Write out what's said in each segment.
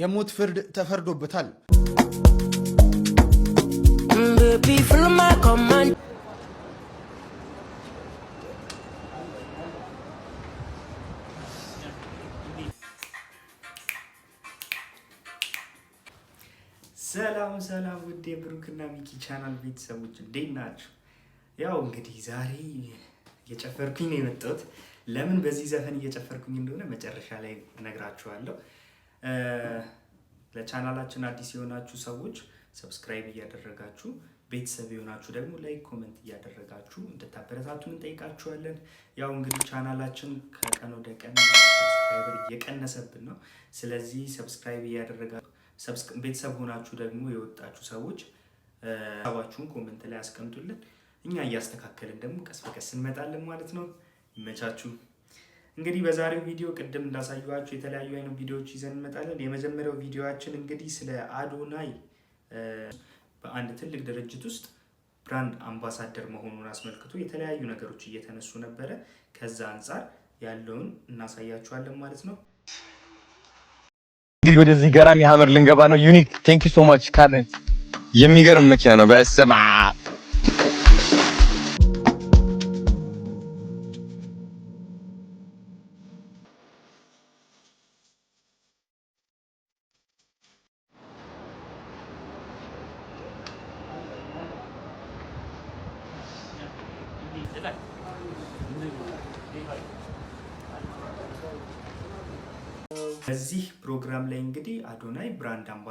የሞት ፍርድ ተፈርዶበታል። ሰላም ሰላም፣ ውድ የብሩክና ሚኪ ቻናል ቤተሰቦች እንዴት ናችሁ? ያው እንግዲህ ዛሬ እየጨፈርኩኝ ነው የመጣሁት። ለምን በዚህ ዘፈን እየጨፈርኩኝ እንደሆነ መጨረሻ ላይ እነግራችኋለሁ። ለቻናላችን አዲስ የሆናችሁ ሰዎች ሰብስክራይብ እያደረጋችሁ ቤተሰብ የሆናችሁ ደግሞ ላይክ ኮመንት እያደረጋችሁ እንድታበረታቱን እንጠይቃችኋለን። ያው እንግዲህ ቻናላችን ከቀን ወደ ቀን ሰብስክራይበር እየቀነሰብን ነው። ስለዚህ ሰብስክራይብ እያደረጋችሁ ቤተሰብ ሆናችሁ ደግሞ የወጣችሁ ሰዎች ሀሳባችሁን ኮመንት ላይ አስቀምጡልን። እኛ እያስተካከልን ደግሞ ቀስ በቀስ እንመጣለን ማለት ነው። ይመቻችሁ። እንግዲህ በዛሬው ቪዲዮ ቅድም እንዳሳየኋችሁ የተለያዩ አይነት ቪዲዮዎች ይዘን እንመጣለን። የመጀመሪያው ቪዲዮችን እንግዲህ ስለ አዶናይ በአንድ ትልቅ ድርጅት ውስጥ ብራንድ አምባሳደር መሆኑን አስመልክቶ የተለያዩ ነገሮች እየተነሱ ነበረ። ከዛ አንጻር ያለውን እናሳያችኋለን ማለት ነው። እንግዲህ ወደዚህ ገራሚ ሀመር ልንገባ ነው። ዩኒክ ቴንክ ዩ ሶ ማች ካለን የሚገርም መኪና ነው በስማ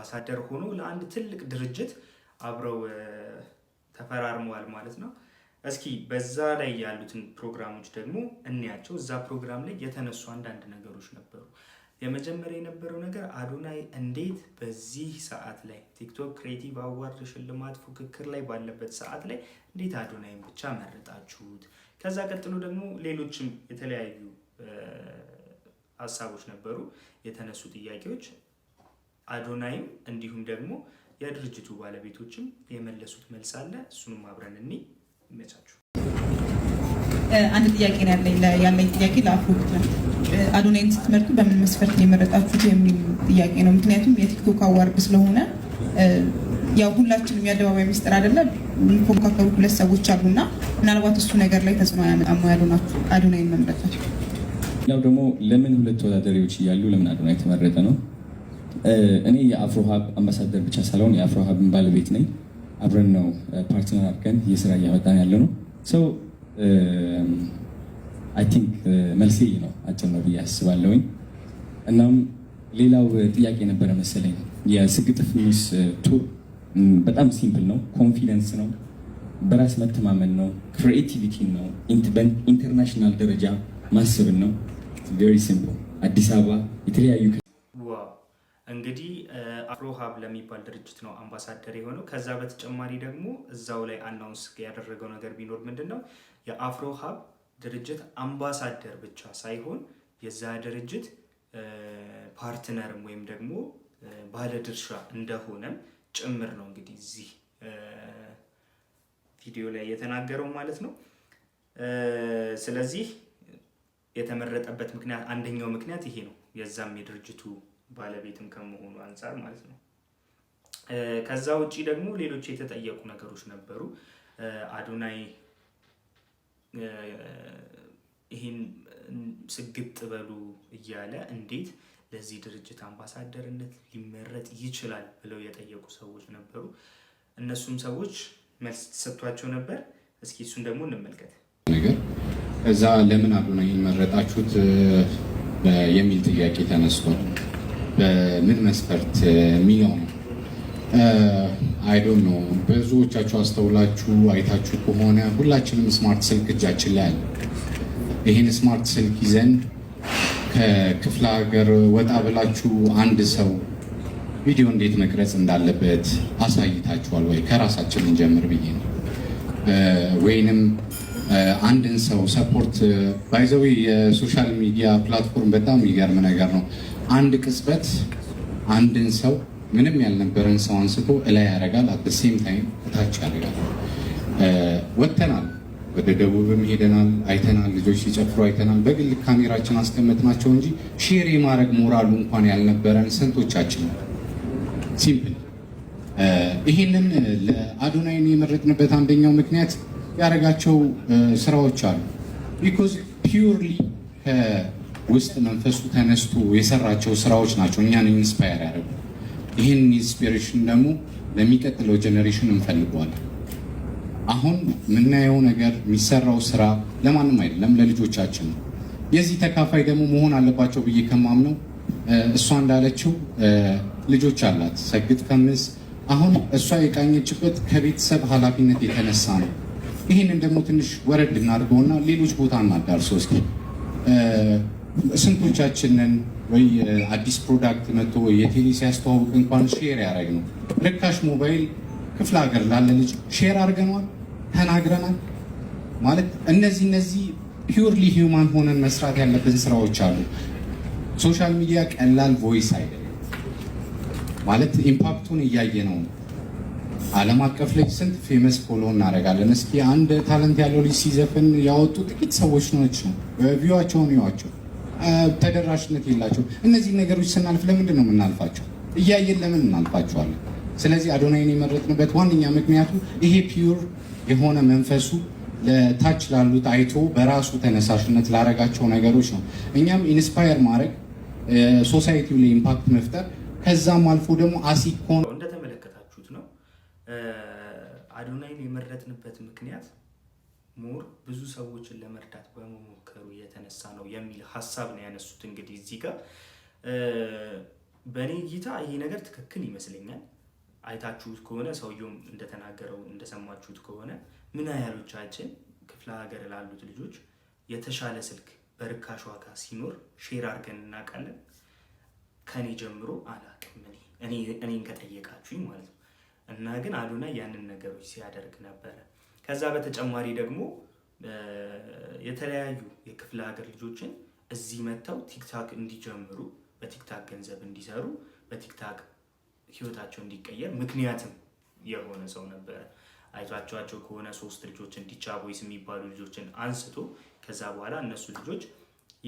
አምባሳደር ሆኖ ለአንድ ትልቅ ድርጅት አብረው ተፈራርመዋል ማለት ነው። እስኪ በዛ ላይ ያሉትን ፕሮግራሞች ደግሞ እንያቸው። እዛ ፕሮግራም ላይ የተነሱ አንዳንድ ነገሮች ነበሩ። የመጀመሪያ የነበረው ነገር አዶናይ እንዴት በዚህ ሰዓት ላይ ቲክቶክ ክሬቲቭ አዋርድ ሽልማት ፉክክር ላይ ባለበት ሰዓት ላይ እንዴት አዶናይን ብቻ መረጣችሁት? ከዛ ቀጥሎ ደግሞ ሌሎችም የተለያዩ ሀሳቦች ነበሩ የተነሱ ጥያቄዎች አዶናይም እንዲሁም ደግሞ የድርጅቱ ባለቤቶችም የመለሱት መልስ አለ። እሱንም አብረን እኒ ይመቻችሁ። አንድ ጥያቄ ያለኝ ጥያቄ ለአፍሮ አዶናይን ስትመርጡ በምን መስፈርት የመረጣችሁት የሚል ጥያቄ ነው። ምክንያቱም የቲክቶክ አዋርድ ስለሆነ ያው ሁላችንም የአደባባይ ሚስጥር አይደለም። የሚፎካከሩ ሁለት ሰዎች አሉና ምናልባት እሱ ነገር ላይ ተጽዕኖ ያሉ ወይ አዶናይን መምረጣቸው። ያው ደግሞ ለምን ሁለት ተወዳዳሪዎች እያሉ ለምን አዶናይ የተመረጠ ነው? እኔ የአፍሮሀብ አምባሳደር ብቻ ሳልሆን የአፍሮሀብን ባለቤት ነኝ። አብረን ነው ፓርትነር አድርገን ይህ ስራ ያለ ነው። ሰው አይ ቲንክ መልሴ ነው አጭር ነው ብዬ አስባለሁኝ። እናም ሌላው ጥያቄ ነበረ መሰለኝ የስግጥፍ ሚስ ቱር በጣም ሲምፕል ነው። ኮንፊደንስ ነው፣ በራስ መተማመን ነው፣ ክሪኤቲቪቲ ነው፣ ኢንተርናሽናል ደረጃ ማሰብን ነው። ቬሪ ሲምፕል አዲስ አበባ የተለያዩ እንግዲህ አፍሮ ሀብ ለሚባል ድርጅት ነው አምባሳደር የሆነው። ከዛ በተጨማሪ ደግሞ እዛው ላይ አናውንስ ያደረገው ነገር ቢኖር ምንድን ነው የአፍሮ ሀብ ድርጅት አምባሳደር ብቻ ሳይሆን የዛ ድርጅት ፓርትነርም ወይም ደግሞ ባለድርሻ እንደሆነም ጭምር ነው እንግዲህ እዚህ ቪዲዮ ላይ የተናገረው ማለት ነው። ስለዚህ የተመረጠበት ምክንያት አንደኛው ምክንያት ይሄ ነው። የዛም የድርጅቱ ባለቤትም ከመሆኑ አንጻር ማለት ነው። ከዛ ውጪ ደግሞ ሌሎች የተጠየቁ ነገሮች ነበሩ። አዶናይ ይህን ስግጥ በሉ እያለ እንዴት ለዚህ ድርጅት አምባሳደርነት ሊመረጥ ይችላል ብለው የጠየቁ ሰዎች ነበሩ። እነሱም ሰዎች መልስ ተሰጥቷቸው ነበር። እስኪ እሱን ደግሞ እንመልከት። ነገር እዛ ለምን አዶናይን መረጣችሁት የሚል ጥያቄ ተነስቷል። በምን መስፈርት የሚለው ነው። አይዶን ነው። ብዙዎቻችሁ አስተውላችሁ አይታችሁ ከሆነ ሁላችንም ስማርት ስልክ እጃችን ላይ አለ። ይህን ስማርት ስልክ ይዘን ከክፍለ ሀገር ወጣ ብላችሁ አንድ ሰው ቪዲዮ እንዴት መቅረጽ እንዳለበት አሳይታችኋል ወይ? ከራሳችን እንጀምር ብዬ ነው። ወይንም አንድን ሰው ሰፖርት ባይዘዊ የሶሻል ሚዲያ ፕላትፎርም በጣም የሚገርም ነገር ነው። አንድ ቅጽበት አንድን ሰው ምንም ያልነበረን ሰው አንስቶ እላይ ያደርጋል፣ አት ሴም ታይም እታች ያደርጋል። ወጥተናል፣ ወደ ደቡብም ሄደናል፣ አይተናል፣ ልጆች ሲጨፍሩ አይተናል። በግል ካሜራችን አስቀመጥናቸው እንጂ ሼር የማድረግ ሞራሉ እንኳን ያልነበረን ስንቶቻችን ሲምፕል። ይህንን ለአዶናይን የመረጥንበት አንደኛው ምክንያት ያደረጋቸው ስራዎች አሉ ቢኮዝ ፒውርሊ ውስጥ መንፈሱ ተነስቶ የሰራቸው ስራዎች ናቸው እኛን ኢንስፓየር ያደርጉ። ይህን ኢንስፒሬሽን ደግሞ ለሚቀጥለው ጀኔሬሽን እንፈልገዋለን። አሁን የምናየው ነገር የሚሰራው ስራ ለማንም አይደለም፣ ለልጆቻችን ነው። የዚህ ተካፋይ ደግሞ መሆን አለባቸው ብዬ ከማምነው እሷ እንዳለችው ልጆች አላት ሰግጥ ከምስ አሁን እሷ የቃኘችበት ከቤተሰብ ኃላፊነት የተነሳ ነው። ይህንን ደግሞ ትንሽ ወረድ እናድርገውና ሌሎች ቦታ እናዳርሰው እስኪ ስንቶቻችንን ወይ አዲስ ፕሮዳክት መጥቶ የቴሌ ሲያስተዋውቅ እንኳን ሼር ያደረግ ነው። ርካሽ ሞባይል ክፍለ ሀገር ላለ ልጅ ሼር አድርገኗል ተናግረናል። ማለት እነዚህ እነዚህ ፒውርሊ ሂውማን ሆነን መስራት ያለብን ስራዎች አሉ። ሶሻል ሚዲያ ቀላል ቮይስ አይደለም። ማለት ኢምፓክቱን እያየ ነው። ዓለም አቀፍ ልጅ ስንት ፌመስ ፎሎ እናደርጋለን። እስኪ አንድ ታለንት ያለው ልጅ ሲዘፍን ያወጡ ጥቂት ሰዎች ናቸው። ቪዋቸውን ይዋቸው ተደራሽነት የላቸው። እነዚህ ነገሮች ስናልፍ ለምንድን ነው የምናልፋቸው? እያየን ለምን እናልፋቸዋለን? ስለዚህ አዶናይን የመረጥንበት ዋነኛ ምክንያቱ ይሄ ፒዩር የሆነ መንፈሱ ለታች ላሉት አይቶ በራሱ ተነሳሽነት ላረጋቸው ነገሮች ነው። እኛም ኢንስፓየር ማድረግ ሶሳይቲው ላይ ኢምፓክት መፍጠር ከዛም አልፎ ደግሞ አሲኮን እንደተመለከታችሁት ነው። አዶናይን የመረጥንበት ምክንያት ሞር ብዙ ሰዎችን ለመርዳት በመሆኑ የሚል ሀሳብ ነው ያነሱት። እንግዲህ እዚህ ጋር በእኔ እይታ ይሄ ነገር ትክክል ይመስለኛል። አይታችሁት ከሆነ ሰውየውም እንደተናገረው እንደሰማችሁት ከሆነ ምን ያህሎቻችን ክፍለ ሀገር ላሉት ልጆች የተሻለ ስልክ በርካሽ ዋጋ ሲኖር ሼር አድርገን እናውቃለን። ከኔ ጀምሮ አላውቅም እኔን ከጠየቃችሁኝ ማለት ነው። እና ግን አዶናይ ያንን ነገሮች ሲያደርግ ነበረ። ከዛ በተጨማሪ ደግሞ የተለያዩ የክፍለ ሀገር ልጆችን እዚህ መጥተው ቲክታክ እንዲጀምሩ በቲክታክ ገንዘብ እንዲሰሩ በቲክታክ ህይወታቸው እንዲቀየር ምክንያትም የሆነ ሰው ነበረ። አይቷቸዋቸው ከሆነ ሶስት ልጆችን ዲቻ ቦይስ የሚባሉ ልጆችን አንስቶ ከዛ በኋላ እነሱ ልጆች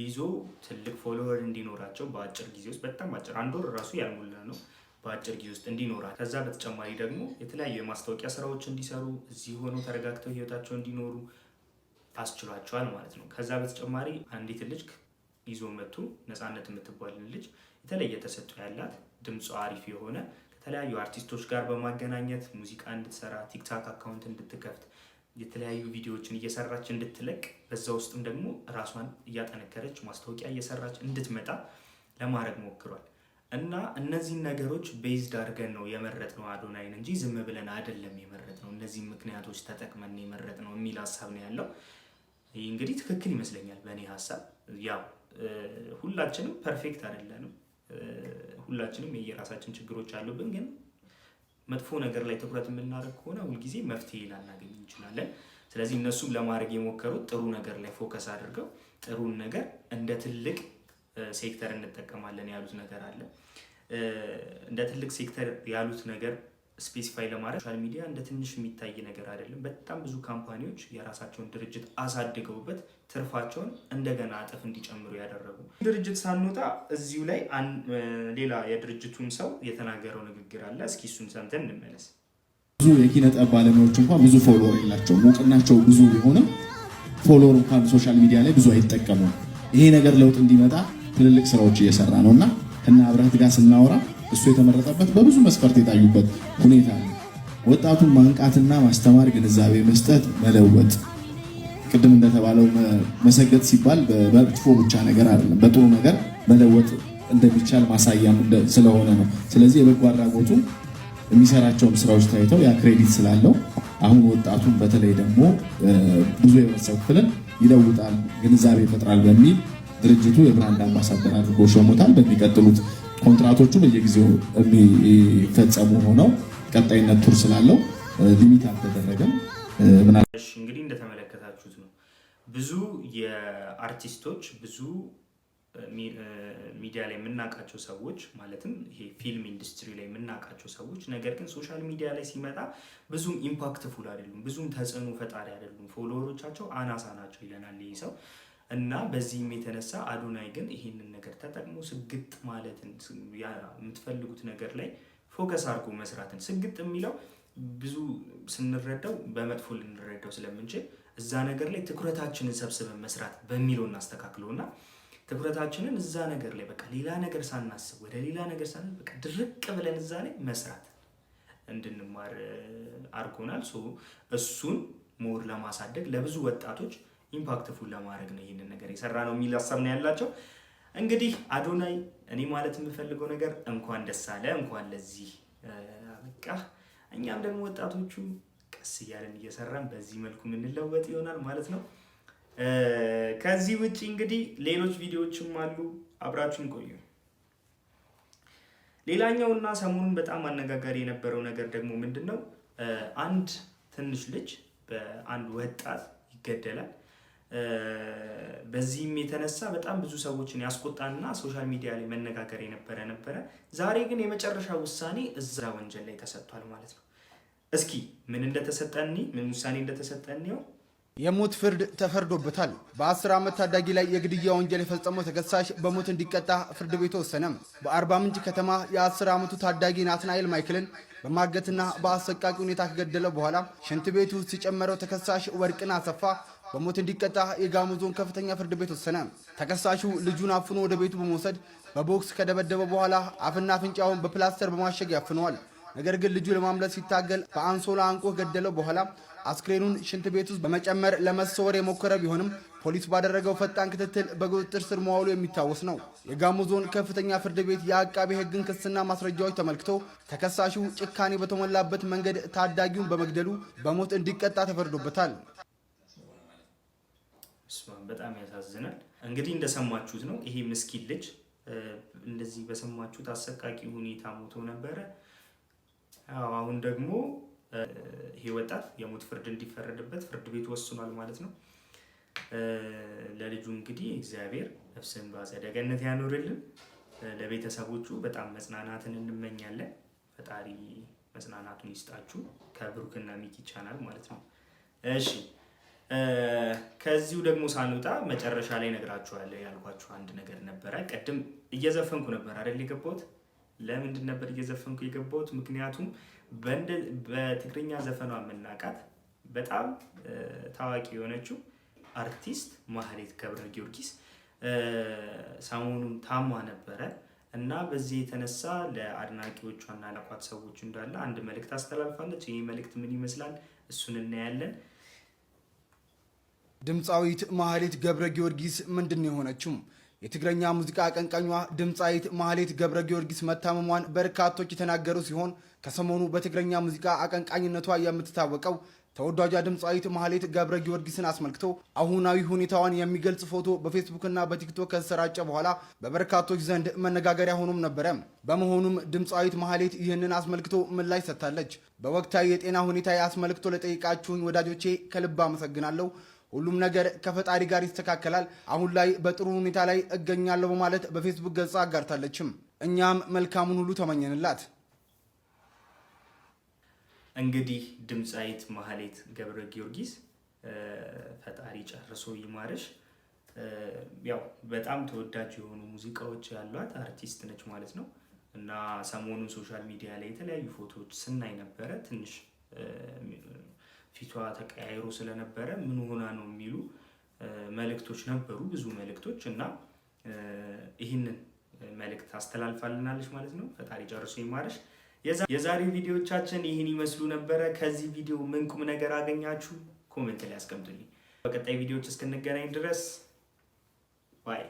ይዞ ትልቅ ፎሎወር እንዲኖራቸው በአጭር ጊዜ ውስጥ በጣም አጭር አንድ ወር ራሱ ያልሞላ ነው በአጭር ጊዜ ውስጥ እንዲኖራ ከዛ በተጨማሪ ደግሞ የተለያዩ የማስታወቂያ ስራዎች እንዲሰሩ እዚህ ሆነው ተረጋግተው ህይወታቸው እንዲኖሩ አስችሏቸዋል ማለት ነው። ከዛ በተጨማሪ አንዲት ልጅ ይዞ መቱ ነፃነት የምትባልን ልጅ የተለየ ተሰጥኦ ያላት ድምጿ አሪፍ የሆነ ከተለያዩ አርቲስቶች ጋር በማገናኘት ሙዚቃ እንድትሰራ ቲክታክ አካውንት እንድትከፍት የተለያዩ ቪዲዮዎችን እየሰራች እንድትለቅ በዛ ውስጥም ደግሞ ራሷን እያጠነከረች ማስታወቂያ እየሰራች እንድትመጣ ለማድረግ ሞክሯል። እና እነዚህን ነገሮች ቤዝድ አድርገን ነው የመረጥነው አዶናይን እንጂ ዝም ብለን አይደለም የመረጥነው። እነዚህ ምክንያቶች ተጠቅመን የመረጥነው የሚል ሀሳብ ነው ያለው። ይህ እንግዲህ ትክክል ይመስለኛል በእኔ ሀሳብ። ያው ሁላችንም ፐርፌክት አይደለንም፣ ሁላችንም የየራሳችን ችግሮች አሉብን። ግን መጥፎ ነገር ላይ ትኩረት የምናደርግ ከሆነ ሁልጊዜ መፍትሄ ላናገኝ እንችላለን። ስለዚህ እነሱም ለማድረግ የሞከሩት ጥሩ ነገር ላይ ፎከስ አድርገው ጥሩን ነገር እንደ ትልቅ ሴክተር እንጠቀማለን ያሉት ነገር አለ። እንደ ትልቅ ሴክተር ያሉት ነገር ስፔሲፋይ ለማድረግ ሶሻል ሚዲያ እንደ ትንሽ የሚታይ ነገር አይደለም። በጣም ብዙ ካምፓኒዎች የራሳቸውን ድርጅት አሳድገውበት ትርፋቸውን እንደገና እጥፍ እንዲጨምሩ ያደረጉ። ድርጅት ሳንወጣ እዚሁ ላይ ሌላ የድርጅቱን ሰው የተናገረው ንግግር አለ። እስኪ እሱን ሰምተን እንመለስ። ብዙ የኪነ ጥበብ ባለሙያዎች እንኳን ብዙ ፎሎወር የላቸውም። እውቅናቸው ብዙ ቢሆንም ፎሎወር እንኳን ሶሻል ሚዲያ ላይ ብዙ አይጠቀሙም። ይሄ ነገር ለውጥ እንዲመጣ ትልልቅ ስራዎች እየሰራ ነው እና ከነ አብረህት ጋር ስናወራ እሱ የተመረጠበት በብዙ መስፈርት የታዩበት ሁኔታ ነው። ወጣቱን ማንቃትና ማስተማር፣ ግንዛቤ መስጠት፣ መለወጥ ቅድም እንደተባለው መሰገጥ ሲባል በመጥፎ ብቻ ነገር አይደለም፣ በጥሩ ነገር መለወጥ እንደሚቻል ማሳያም ስለሆነ ነው። ስለዚህ የበጎ አድራጎቱ የሚሰራቸውም ስራዎች ታይተው ያ ክሬዲት ስላለው አሁን ወጣቱን በተለይ ደግሞ ብዙ የህብረተሰብ ክፍልን ይለውጣል፣ ግንዛቤ ይፈጥራል በሚል ድርጅቱ የብራንድ አምባሳደር አድርጎ ሾሞታል። በሚቀጥሉት ኮንትራቶቹ በየጊዜው የሚፈጸሙ ሆነው ቀጣይነት ቱር ስላለው ሊሚት አልተደረገም። እንግዲህ እንደተመለከታችሁት ነው ብዙ የአርቲስቶች ብዙ ሚዲያ ላይ የምናውቃቸው ሰዎች ማለትም ይሄ ፊልም ኢንዱስትሪ ላይ የምናውቃቸው ሰዎች ነገር ግን ሶሻል ሚዲያ ላይ ሲመጣ ብዙም ኢምፓክትፉል አይደሉም፣ ብዙም ተጽዕኖ ፈጣሪ አይደሉም፣ ፎሎወሮቻቸው አናሳ ናቸው ይለናል ይህ ሰው። እና በዚህም የተነሳ አዶናይ ግን ይህንን ነገር ተጠቅሞ ስግጥ ማለትን የምትፈልጉት ነገር ላይ ፎከስ አድርጎ መስራትን ስግጥ የሚለው ብዙ ስንረዳው በመጥፎ ልንረዳው ስለምንችል እዛ ነገር ላይ ትኩረታችንን ሰብስበን መስራት በሚለው እናስተካክለው እና ትኩረታችንን እዛ ነገር ላይ በቃ ሌላ ነገር ሳናስብ ወደ ሌላ ነገር ሳናስብ በቃ ድርቅ ብለን እዛ ላይ መስራት እንድንማር አድርጎናል። እሱን ሞር ለማሳደግ ለብዙ ወጣቶች ኢምፓክትፉል ለማድረግ ነው ይህንን ነገር የሰራ ነው የሚል ሀሳብ ነው ያላቸው። እንግዲህ አዶናይ እኔ ማለት የምፈልገው ነገር እንኳን ደስ አለ፣ እንኳን ለዚህ በቃ እኛም ደግሞ ወጣቶቹ ቀስ እያለን እየሰራን በዚህ መልኩ የምንለወጥ ይሆናል ማለት ነው። ከዚህ ውጭ እንግዲህ ሌሎች ቪዲዮዎችም አሉ፣ አብራችሁን ቆዩ። ሌላኛውና ሰሞኑን በጣም አነጋጋሪ የነበረው ነገር ደግሞ ምንድን ነው? አንድ ትንሽ ልጅ በአንድ ወጣት ይገደላል። በዚህም የተነሳ በጣም ብዙ ሰዎችን ያስቆጣና ሶሻል ሚዲያ ላይ መነጋገር የነበረ ነበረ። ዛሬ ግን የመጨረሻ ውሳኔ እዛ ወንጀል ላይ ተሰጥቷል ማለት ነው። እስኪ ምን እንደተሰጠኒ ምን ውሳኔ ው የሞት ፍርድ ተፈርዶበታል። በ10 ዓመት ታዳጊ ላይ የግድያ ወንጀል የፈጸመው ተከሳሽ በሞት እንዲቀጣ ፍርድ ቤት ወሰነ። በአርባ ምንጭ ከተማ የ10 ዓመቱ ታዳጊ ናትናኤል ማይክልን በማገትና በአሰቃቂ ሁኔታ ከገደለ በኋላ ሽንት ቤቱ ሲጨመረው ተከሳሽ ወርቅን አሰፋ በሞት እንዲቀጣ የጋሞ ዞን ከፍተኛ ፍርድ ቤት ወሰነ። ተከሳሹ ልጁን አፍኖ ወደ ቤቱ በመውሰድ በቦክስ ከደበደበ በኋላ አፍና አፍንጫውን በፕላስተር በማሸግ ያፍነዋል። ነገር ግን ልጁ ለማምለጥ ሲታገል በአንሶላ አንቆ ገደለው። በኋላ አስክሬኑን ሽንት ቤት ውስጥ በመጨመር ለመሰወር የሞከረ ቢሆንም ፖሊስ ባደረገው ፈጣን ክትትል በቁጥጥር ስር መዋሉ የሚታወስ ነው። የጋሞ ዞን ከፍተኛ ፍርድ ቤት የአቃቤ ሕግን ክስና ማስረጃዎች ተመልክቶ ተከሳሹ ጭካኔ በተሞላበት መንገድ ታዳጊውን በመግደሉ በሞት እንዲቀጣ ተፈርዶበታል። በጣም ያሳዝናል። እንግዲህ እንደሰማችሁት ነው። ይሄ ምስኪን ልጅ እንደዚህ በሰማችሁት አሰቃቂ ሁኔታ ሞቶ ነበረ። አሁን ደግሞ ይሄ ወጣት የሞት ፍርድ እንዲፈረድበት ፍርድ ቤት ወስኗል ማለት ነው። ለልጁ እንግዲህ እግዚአብሔር ነፍስን በአጸደ ገነት ያኖርልን። ለቤተሰቦቹ በጣም መጽናናትን እንመኛለን። ፈጣሪ መጽናናቱን ይስጣችሁ። ከብሩክና ሚኪ ቻናል ማለት ነው። እሺ ከዚሁ ደግሞ ሳንወጣ መጨረሻ ላይ ነግራችኋለሁ ያልኳችሁ አንድ ነገር ነበረ። ቅድም እየዘፈንኩ ነበር አይደል የገባሁት። ለምንድን ነበር እየዘፈንኩ የገባሁት? ምክንያቱም በትግርኛ ዘፈኗ የምናውቃት በጣም ታዋቂ የሆነችው አርቲስት ማህሌት ገብረ ጊዮርጊስ ሰሞኑን ታሟ ነበረ እና በዚህ የተነሳ ለአድናቂዎቿና ለቋት ሰዎች እንዳለ አንድ መልእክት አስተላልፋለች። ይህ መልእክት ምን ይመስላል? እሱን እናያለን። ድምፃዊት ማህሌት ገብረ ጊዮርጊስ ምንድን ነው የሆነችው? የትግረኛ ሙዚቃ አቀንቃኟ ድምፃዊት ማህሌት ገብረ ጊዮርጊስ መታመሟን በርካቶች የተናገሩ ሲሆን ከሰሞኑ በትግረኛ ሙዚቃ አቀንቃኝነቷ የምትታወቀው ተወዳጇ ድምፃዊት ማህሌት ገብረ ጊዮርጊስን አስመልክቶ አሁናዊ ሁኔታዋን የሚገልጽ ፎቶ በፌስቡክና በቲክቶክ ከተሰራጨ በኋላ በበርካቶች ዘንድ መነጋገሪያ ሆኖም ነበረ። በመሆኑም ድምፃዊት ማህሌት ይህንን አስመልክቶ ምላሽ ሰጥታለች። በወቅታዊ የጤና ሁኔታ አስመልክቶ ለጠይቃችሁኝ ወዳጆቼ ከልብ አመሰግናለሁ ሁሉም ነገር ከፈጣሪ ጋር ይስተካከላል፣ አሁን ላይ በጥሩ ሁኔታ ላይ እገኛለሁ በማለት በፌስቡክ ገጻ አጋርታለችም። እኛም መልካሙን ሁሉ ተመኘንላት። እንግዲህ ድምፃዊት ማህሌት ገብረ ጊዮርጊስ ፈጣሪ ጨርሶ ይማርሽ። ያው በጣም ተወዳጅ የሆኑ ሙዚቃዎች ያሏት አርቲስት ነች ማለት ነው እና ሰሞኑን ሶሻል ሚዲያ ላይ የተለያዩ ፎቶዎች ስናይ ነበረ ትንሽ ፊቷ ተቀያይሮ ስለነበረ ምን ሆና ነው የሚሉ መልእክቶች ነበሩ፣ ብዙ መልእክቶች እና ይህንን መልእክት አስተላልፋልናለች ማለት ነው። ፈጣሪ ጨርሶ ይማረሽ። የዛሬው ቪዲዮዎቻችን ይህን ይመስሉ ነበረ። ከዚህ ቪዲዮ ምን ቁም ነገር አገኛችሁ? ኮሜንት ላይ አስቀምጡልኝ። በቀጣይ ቪዲዮዎች እስክንገናኝ ድረስ ባይ